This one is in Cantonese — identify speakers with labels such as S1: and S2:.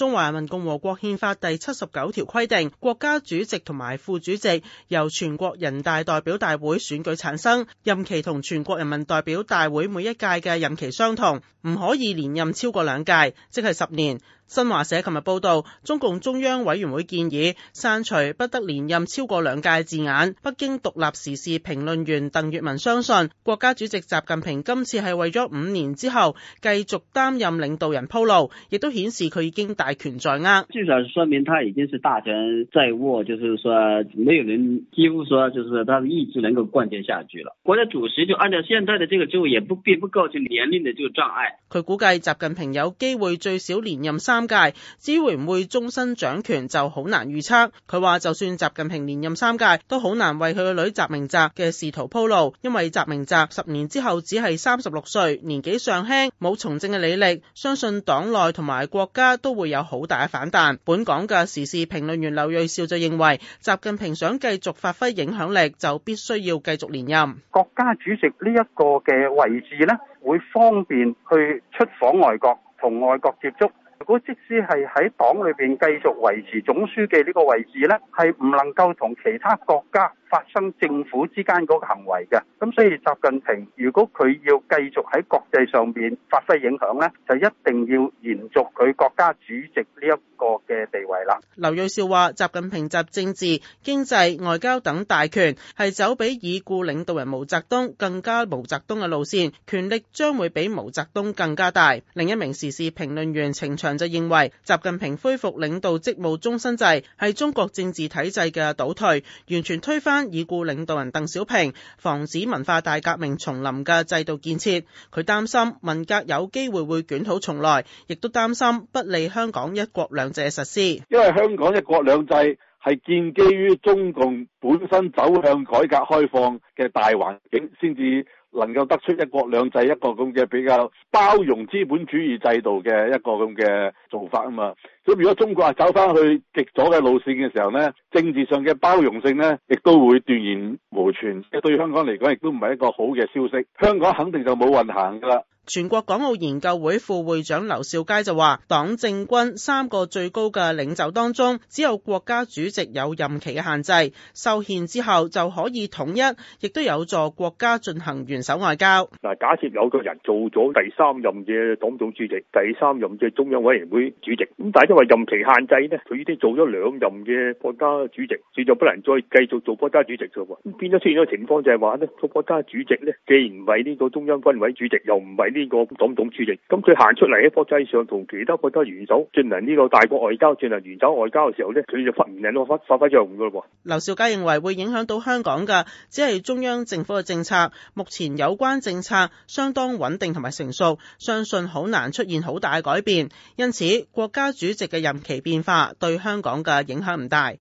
S1: 《中華人民共和國憲法》第七十九條規定，國家主席同埋副主席由全國人大代表大會選舉產生，任期同全國人民代表大會每一屆嘅任期相同，唔可以連任超過兩屆，即係十年。新華社琴日報道，中共中央委員會建議刪除不得連任超過兩屆字眼。北京獨立時事評論員鄧月文相信，國家主席習近平今次係為咗五年之後繼續擔任領導人鋪路，亦都顯示佢已經大大權在握，至少
S2: 說明他已經是大權在握，就是說沒有人幾乎說就是他的意志能夠貫徹下去了。國家主席就按照現在的這個機會，也不必不構成年齡的這個障礙。
S1: 佢估計習近平有機會最少連任三屆，至於會唔會終身掌權就好難預測。佢話就算習近平連任三屆，都好難為佢個女習明澤嘅仕途鋪路，因為習明澤十年之後只係三十六歲，年紀尚輕，冇從政嘅履歷，相信黨內同埋國家都會有。好大嘅反彈。本港嘅時事評論員劉銳紹就認為，習近平想繼續發揮影響力，就必須要繼續連任。國家主席呢一個嘅位置呢，會方便
S2: 去出訪外國同外
S1: 國接觸。如果即使係喺
S2: 黨裏邊繼續維持總書記呢個位置呢，係唔能夠同其他國家。發生政府之間嗰個行為嘅。咁所以習近平如果佢要繼續喺國際上邊發揮影響呢，就一定要延續佢國家主席呢一個嘅地位啦。
S1: 劉銳紹話：習近平集政治、經濟、外交等大權，係走比已故領導人毛澤東更加毛澤東嘅路線，權力將會比毛澤東更加大。另一名時事評論員程翔就認為，習近平恢復領導職務終身制，係中國政治體制嘅倒退，完全推翻已故領導人鄧小平防止文化大革命重臨嘅制度建設，佢擔心文革有機會會捲土重來，亦都擔心不利香港一國兩制實施。
S2: 因為香港一國兩制係建基於中共本身走向改革開放嘅大環境先至能夠得出一國兩制一個咁嘅比較包容資本主義制度嘅一個咁嘅做法啊嘛，咁如果中國話走翻去極左嘅路線嘅時候呢，政治上嘅包容性呢亦都會斷然無存，對香港嚟講亦都唔係一個好嘅消息，香港肯定就冇運
S1: 行㗎啦。全國港澳研究會副會長劉兆佳就話：黨、政、軍三個最高嘅領袖當中，只有國家主席有任期嘅限制，受限之後就可以統一，亦都有助國家進行元首外交。
S2: 嗱，假設有個人做咗第三任嘅黨總主席、第三任嘅中央委員會主席，咁但係因為任期限制咧，佢已經做咗兩任嘅國家主席，所以就不能再繼續做國家主席咗。變咗出現咗情況就係話咧，國家主席咧，既然唔係呢個中央軍委主席，又唔係呢。呢個總統主席，咁佢行出嚟喺國際上同其他國家元首進行呢個大國外交，進行元首外交嘅時候呢，佢就忽然間發發揮作用噶啦。
S1: 劉兆佳認為會影響到香港嘅，只係中央政府嘅政策。目前有關政策相當穩定同埋成熟，相信好難出現好大嘅改變。因此，國家主席嘅任期變化對香港嘅影響唔大。